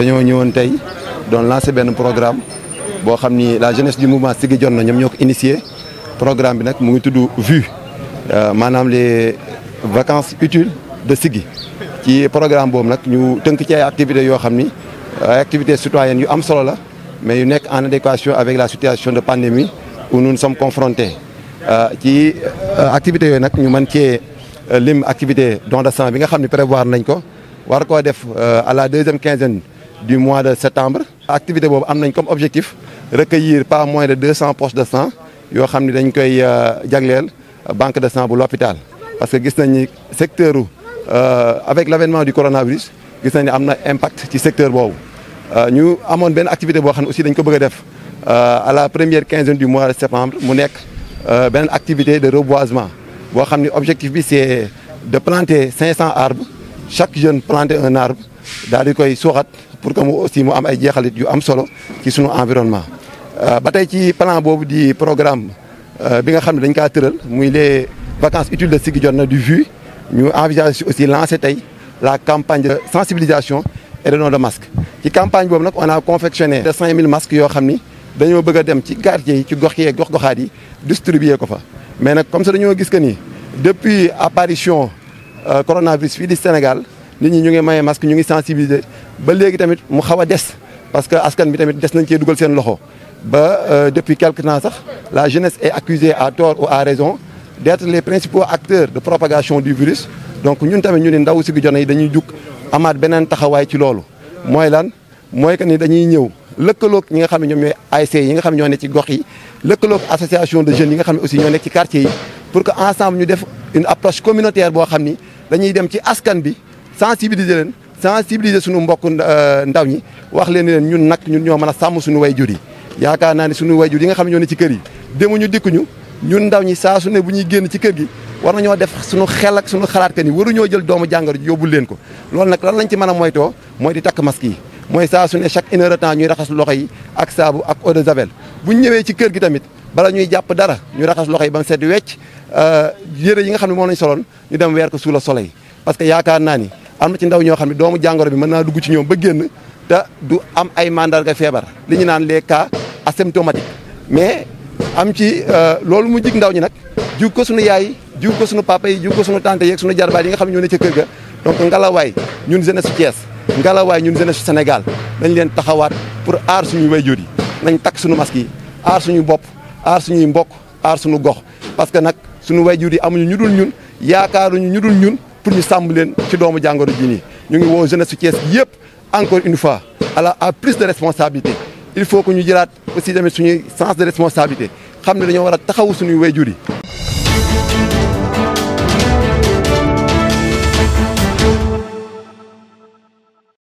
Nous avons lancé un programme pour la jeunesse du mouvement Sigi John. Nous été initié programme bi nag mu ngi euh, les vacances utiles de Sigi, ci programme boobu programme. ñu activité ci activité activités activités citoyennes mais yu nekk en adéquation avec la situation de pandémie où nous nous sommes confrontés euh, ci euh, activité yooyu nak ñu euh, lim activité don de sang bi nga xamni prévoir nañ ko war ko def à la deuxième quinzaine du mois de septembre. activité bobu am comme objectif recueillir pas moins de 200 postes poches de sang yo xamni dañ koy banque de sang bu l'hôpital parce que gis nañ secteur où avec l'avènement du coronavirus gis nañ a un impact ci secteur Nous ñu amone une activité bo xamni aussi dañ ko bëgg def à la première quinzaine du mois de septembre mu nekk une euh, activité de reboisement L'objectif est de planter 500 arbres chaque jeune planter un arbre daal di soit pour que nous aussi mu am ay yu am solo environnement. Euh, plan programme euh, bi nga xamni dañ les vacances utiles de qui nous du vu nous envisageons aussi lancer la campagne de sensibilisation et de don de masques cette campagne bobu nak on a confectionné 200 000 masques dañoo bëgg a ci quartier ci gox distribuer ko fa mais comme ça dañoo gis que ni depuis apparition euh, coronavirus fii Sénégal nit ñi ñu ngi maye masque ñu ngi sensibiliser ba parce que askan bi tamit des nañ loxo ba euh, depuis quelques temps la jeunesse est accusée à tort ou à raison d'être les principaux acteurs de propagation du virus donc ñun tamit ñu ne ndaw si gi jone yi dañuy jug amaat beneen taxawaay ci loolu mooy lan mooy que ni dañuy ñëw lëkkaloog ñi nga xam ne ñoom ñooy ASC yi nga xam ne ñoo nekk ci gox yi lëkkaloog association de jeunes yi nga ne aussi ñoo nekk ci quartier yi pour que ensemble ñu def une approche communautaire boo xam ni dañuy dem ci askan bi sensibiliser leen sensibiliser suñu mbokk euh, ndaw ñi wax leen leen ñun nag ñun ñoo mën a sàmm suñu way jur yi yaakaar naa ne suñu way jur yi nga xam ne ñoo ne ci kër yi demuñu dikkuñu ñun ndaw ñi saa su bu ñuy génn ci kër gi war nañoo def suñu xel ak suñu xalaat waruñoo jël doomu jàngoro ji leen ko loolu nag lan lañ ci mën a moytoo di takk masque mooy saa su ne chaque une heure temps ñuy raxas loxo yi ak saabu ak eau de javel bu ñëwee ci kër gi tamit bala ñuy jàpp dara ñu raxas loxo yi ba mu set wecc euh, yére yi nga xam ne moom nañ soloon ñu dem weer ko sous le soleil parce que yaakaar naa ni am na ci ndaw ñoo xam ne doomu jàngoro bi mën naa dugg ci ñoom ba génn te du am ay mandarga feebar li ñu naan les cas asymptomatiques mais am ci euh, loolu mu jig ndaw ñi nag jug ko su nu yaay jug ko suñu papa yi jug ko suñu tante yeeg yi nga xam ne ñoo ne ca kër ga donc ngalawaay ñun jeunesse Thiès ngalawaay ñun jeunesse Sénégal dañ leen taxawaat pour aar suñu wayjur yi nañ takk suñu maski yi aar suñu bopp aar suñuy mbokk aar suñu gox parce que nag suñu wayjur yi amuñu ñu dul ñun yaakaaruñu ñu dul ñun pour ñu sàmm leen ci doomu jàngoro ji nii ñu ngi woo jeunesse su Thiès yëpp encore une fois ala à plus de responsabilité il faut que ñu jëlaat aussi tamit suñuy sens de responsabilité xam ne dañoo war a taxaw suñuy wayjur juri